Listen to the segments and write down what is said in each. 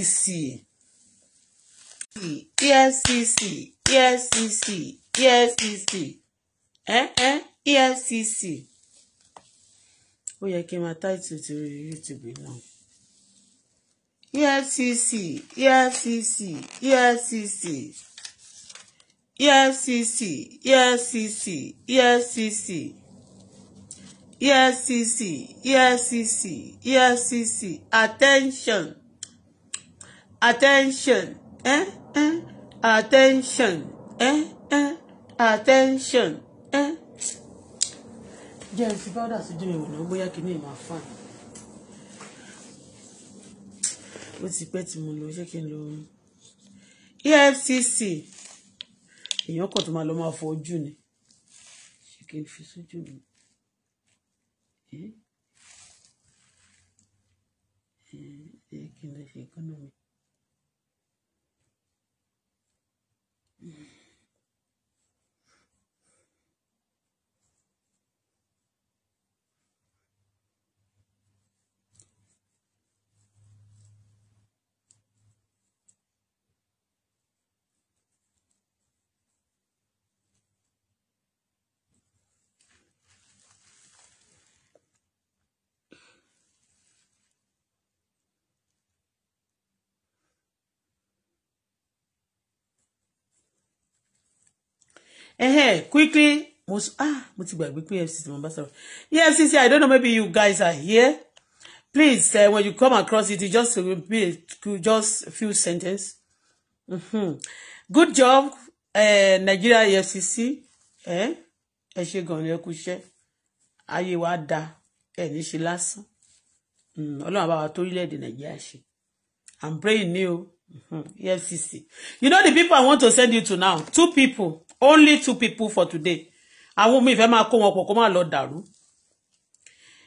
EFCC EFCC EFCC EFCC eh, eh, EFCC ó yẹ kí n máa táìtì ti rí YouTube náà EFCC EFCC EFCC EFCC EFCC EFCC EFCC EFCC EFCC attention attention eh, eh, attention eh, eh, attention. Eh. jẹ́ ẹ fi powder sójú mi wọ̀nà bóyá kìíní máa fà ní. ó ti pẹ́ tí mo lọ ṣé kí n lo EFCC èèyàn kan tó máa lọ máa fọ ojú ni ṣé kí n fi sójú mi. Eh? Eh, eh, kí n lè ṣe economy. eh, quickly mo ah mo ti gbàgbé pé efcc mo bá sọ̀rọ̀ efcc i don't know maybe you guys are here please uh, when you come across it you just repeat just a few sentences mm-hmm. good job uh, nigeria efcc eh, ẹ ṣe gan ni ẹ kú iṣẹ́ ayé wa da ẹ ní ṣe lásán mm, ọlọ́run àbáwá tó èdè nàìjíríà ṣe i'm praying ní Hmm. EFCC. You know the people I want to send you to now? Two people. Only two people for today. Àwọn omi ìfẹ́ máa kó wọn pọ̀ come máa lọ dàrú.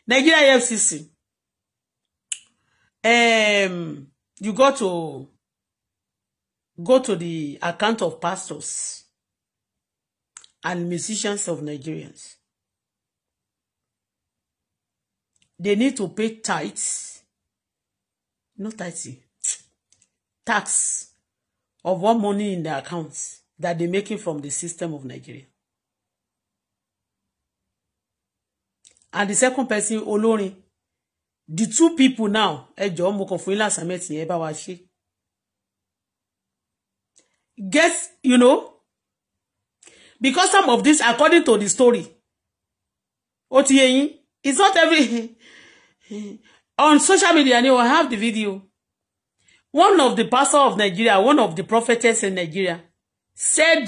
Nigeria EFCC. Um, you got to go to the account of pastors and musicians of Nigerians. They need to pay tithes. No tithe tax of what money in their accounts that they making from the system of Nigeria. And the second person, Olorin, the two people now, ẹ jọ̀ọ́ mo kàn fún yín Guess, you know, because some of this, according to the story, ó ti it's not every on social media ni wọ́n have the video one of the pastor of Nigeria, one of the prophetess in Nigeria, said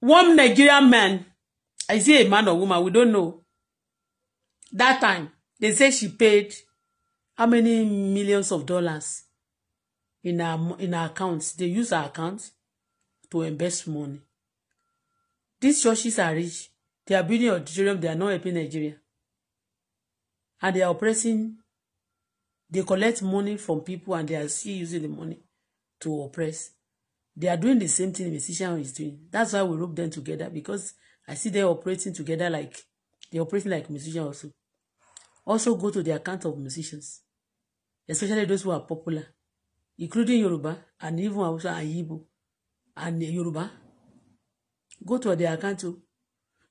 one Nigerian man, I see a man or woman? We don't know. That time, they say she paid how many millions of dollars in her in her accounts. They use her accounts to invest money. These churches are rich. They are building auditorium. They are not helping Nigeria. And they are oppressing They collect money from people and they are still using the money to oppress. They are doing the same thing the is doing. That's why we rope them together because I see they operating together like they operating like musicians also. Also go to the account of musicians, especially those who are popular, including Yoruba and even Hausa and Igbo and Yoruba. Go to their account too.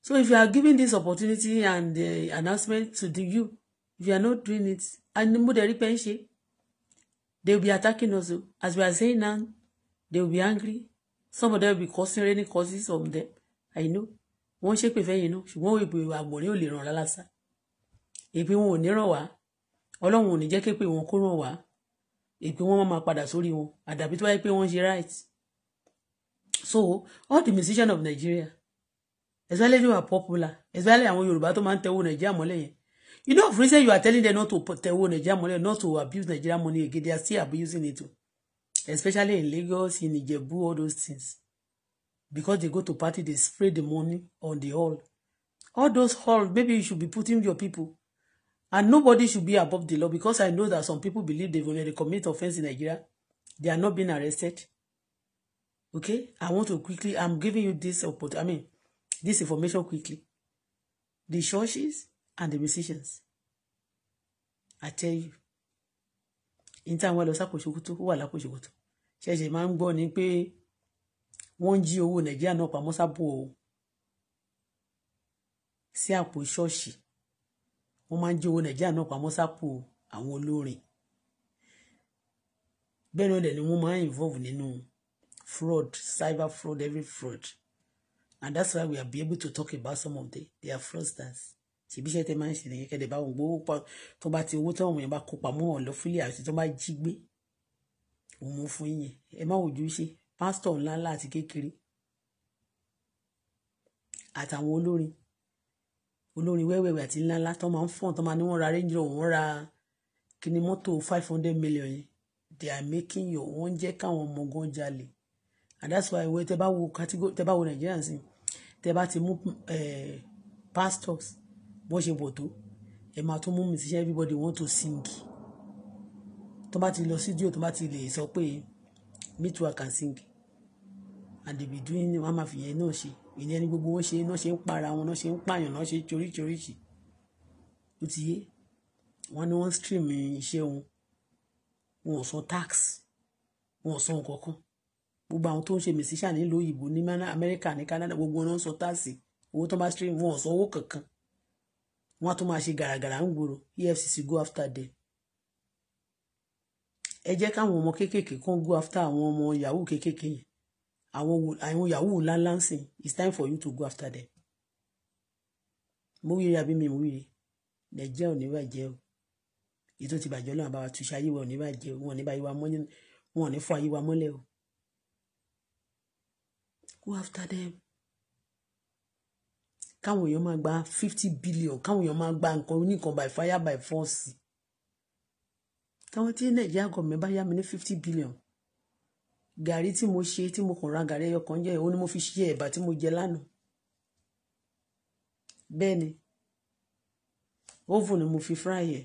So if you are giving this opportunity and the uh, announcement to the you, if you are not doing it and mo dẹ̀ rí pé they will be attacking us as we are saying now they will be angry some of them will be causing rainy causes on them i know wọ́n ṣépè fẹ́yìn náà ṣùgbọ́n ìbò àgbòrín ò lè ràn lálásà èpè wọn ò ní ràn wá ọlọ́run ò ní jẹ́ képè wọn kó ràn wá èpè wọn máa padà sórí wọn àdàbí tó wáyé pé wọ́n ṣe right so all the musicians of Nigeria especially if you are popular especially àwọn Yorùbá tó máa ń tẹ̀wọ́ Nàìjíríà mọ́lẹ̀ yẹn You know, for reason you are telling them not to put their own Nigerian money, not to abuse Nigerian money again, they are still abusing it too. Especially in Lagos, in Ijebu, all those things. Because they go to party, they spray the money on the hall. All those halls, maybe you should be putting your people. And nobody should be above the law because I know that some people believe they've already committed offense in Nigeria. They are not being arrested. Okay? I want to quickly, I'm giving you this opportunity, I mean, this information quickly. The churches, and the musicians I tell you in tí àwọn lọ sákòṣokòtò ó wà lákòṣokòtò ṣẹ̀ṣẹ̀ máa ń gbọ́ ni pé wọ́n ń jí owó nàìjíríà náà pamọ́ sábò o sí àpò ṣọ́ọ̀ṣì wọ́n máa ń jí owó nàìjíríà náà pamọ́ sápò àwọn olórin bẹ́ẹ̀ náà dẹ̀ ni wọ́n máa ń involve nínú fraud cyber fraud every fraud and that's why we are be able to talk about some of the their fraudsters ṣèbí iṣẹ́ tẹ máa ń ṣe nìyẹn kẹ́dẹ̀ bá wọn gbowó pa tó bá ti owó táwọn èèyàn bá kó pamọ́ wọn lọ fúlẹ̀ àti tó bá jí gbé òun fún yín ẹ má wojú ṣe pásítọ̀ ńláńlá àti kékeré àtàwọn olórin olórin wẹ́wẹ́wẹ́ àti ńláńlá tó máa ń fọ́n tó máa ní wọ́n ra range rover ra kíní mọ́tò five hundred million yẹn they are making your own jẹ́ káwọn ọmọ gan jalè and that's why wẹ́ tẹ bá wo category tẹ bá wo Nigerians tẹ bá ti mú eh, pastors bó ṣe pọ̀ tó ẹ máa tún mú mi síṣẹ́ everybody want to sing tó bá ti lọ sídìó tó bá ti lè sọ pé me too I can sing and they be doing wọn máa fi yẹn náà ṣe ìyẹn ni gbogbo wọn ṣe náà ṣe ń para wọn náà ṣe ń pààyàn náà ṣe choríchoríṣi ó ti yé wọn ni wọn stream iṣẹ́ wọn wọn ò san tax wọn ò san nǹkan kan gbogbo àwọn tó ń ṣe mèsíṣà nílùú òyìnbó ní amẹ́ríkà ní Canada gbogbo wọn náà ń san tax owó tó bá stream wọn ò san owó kankan wọ́n á tún máa ṣe gàràgàrà ń gbòòrò EFCC go after them ẹ jẹ́ káwọn ọmọ kéékèèké kan go after àwọn ọmọ yahoo kéékèèké yẹn àwọn yahoo ńláńlá ń sìn it's time for you to go after them mo wíire àbí mi mo wíire nàìjíríà ò ní bàjẹ́ o ètò ti bàjẹ́ ọlọ́run àbáwá túṣe ayé wa ò ní bàjẹ́ o wọn ò ní bá ayé mọ́ wọn ò ní fọ ayé wa mọ́lẹ̀ o go after them káwọn èèyàn máa gba fifty billion káwọn èèyàn máa gba nǹkan oníkan by fire by force táwọn tí nàìjíríà gọ̀mẹ̀ bá yá mi ní fifty billion gàrí tí mo ṣe tí mo kàn ra gàrí ẹyọ kan jẹ́ òun ni mo fi ṣe ẹ̀bà tí mo jẹ lánàá bẹ́ẹ̀ ni oven ni mo fi fry ẹ̀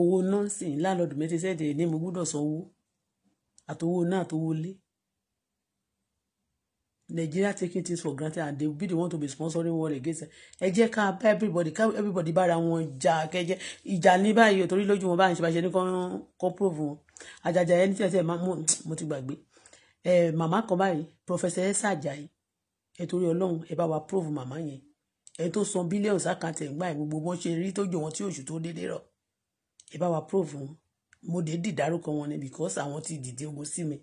owó nọ́ọ̀sì ńlá lọ́dún mẹ́tẹ́sẹ̀dẹ̀ ní mo gbọ́dọ̀ sanwó àtowó náà àtowó lé Nigeria taking things for granted and they be the one to be sponsoring war against them. Ẹ jẹ́ ká everybody ká everybody bára wọn jà kẹjẹ ìjà ní báyìí o torí lójú wọn báyìí ṣe bá ṣe ní kọ́ prove wọn. Àjàjà ẹni tí ẹ tẹ́ ẹ máa mo ti gbàgbé. Ẹ màmá kan báyìí Professor Esther Ajayi ẹ torí Ọlọ́run ẹ bá wa prove màmá yẹn. Ẹ tó san bílíọ̀nù sákàtẹ̀ ńgbà ẹ̀ gbogbo wọn ṣe rí tó jọ wọn tí oṣù tó dédé rọ̀. Ẹ bá wa prove wọn. Mo dé dìdárúkọ wọn ni because àwọn ti dìde ogun sí mi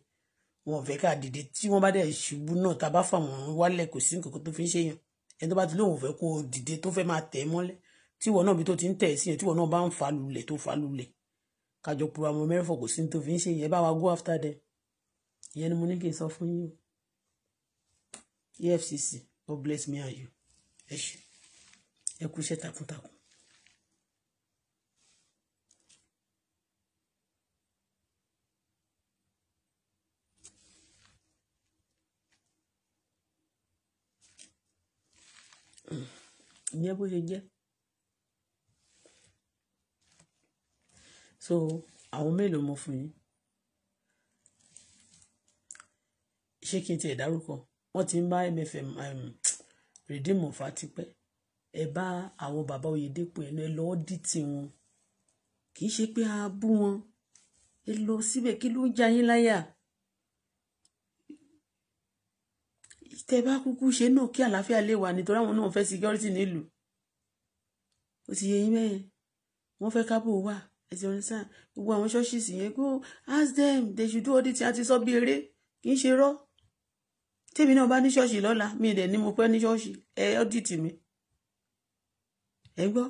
wọn ò fẹ́ ká dìde tí wọ́n bá dẹ̀ ṣubú náà tá a bá fàwọn wálẹ̀ kò sí nǹkan tó fi ń ṣèyàn ẹni tó bá ti lóun ò fẹ́ kó o dìde tó fẹ́ máa tẹ̀ ẹ́ mọ́lẹ̀ tí ìwọ náà bí tó ti ń tẹ̀ ẹ́ sí yẹn tí ìwọ náà bá ń fa lulẹ̀ tó fa lulẹ̀ kájọ pura ọmọ mẹ́fọ̀ kò sí ní tó fi ń ṣèyàn ẹ bá wa go after them ìyẹn ni mo ní kí n sọ fún yín o EFCC God bless me and you ẹ ṣe ẹ kú iṣẹ́ takuntakun. ìyẹn bó ṣe jẹ́ so àwọn mélòó mo fún yín ṣé kí n tiẹ̀ dárúkọ wọ́n ti ń bá MFM rìdíìmù fa tipẹ́ ẹ bá àwọn bàbá Oyèdèpò ẹ lọ ẹ lọ́ọ́ dì tí wọn kì í ṣe pé a bú wọn ẹ lọ síbẹ̀ kí ló ń já láyà tẹ bá kúkú ṣe náà kí àlàáfíà lè wà nítorí àwọn náà fẹ́ security nílùú ó ti yẹ yín mẹ́yẹn wọ́n fẹ́ kábò wà ẹ ti understand gbogbo àwọn churches yẹn go ask them they should do audit àti sọ bí eré kì í ṣe rọ́ tèmi náà bá ní ṣọ́ọ̀ṣì lọ́la mi dẹ̀ ni mo pẹ́ ní ṣọ́ọ̀ṣì ẹ audit mi ẹ gbọ́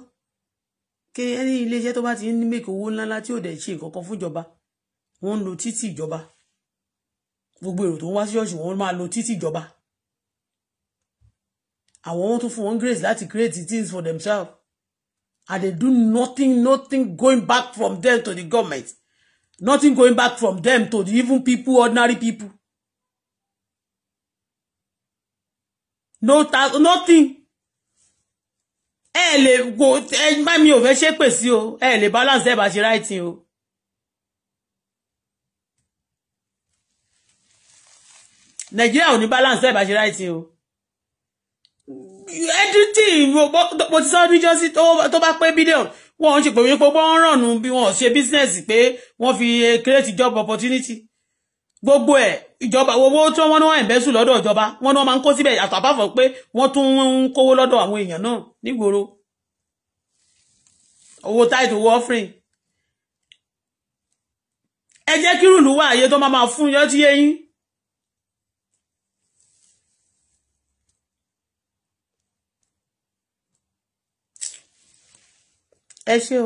kí ẹni iléeṣẹ́ tó bá ti ní mèkì owó ńláńlá tí ò dẹ̀ ṣe nǹkan kan fúnjọba wọ́n ń lo títì ìjọba gbogbo èrò tó ń wá sí ṣọ́ọ̀ṣì wọ́n máa lo títì ìjọba àwọn wọn tún fún wọn grace láti create things for themselves and they do nothing nothing going back from them to the government nothing going back from them to the even people ordinary people no tax nothing ẹ lè go ẹ bá mi ò fẹ́ ṣépè sí o ẹ lè balance ẹ bá ṣe writing o. nàìjíríà ò ní balance ẹ bá ṣe writing o editing mo ti sọ níjọ́ sí tó bá pé bílíọ̀nù wọ́n ṣe pé wípé wọ́n rànnù bí wọ́n ṣe business pé wọ́n fi eh, create job opportunity gbogbo ẹ̀ ìjọba owó tí wọ́n náà ẹ̀bẹ́sù lọ́dọ̀ ìjọba wọ́n náà máa ń kó síbẹ̀ àtàbàfọ̀ pé wọ́n tún ń kówó lọ́dọ̀ àwọn èèyàn náà nígboro owó tithe owó offering ẹ jẹ́ kírùlù wà ayé tó máa máa fún yọ́ tí ẹ ṣé o.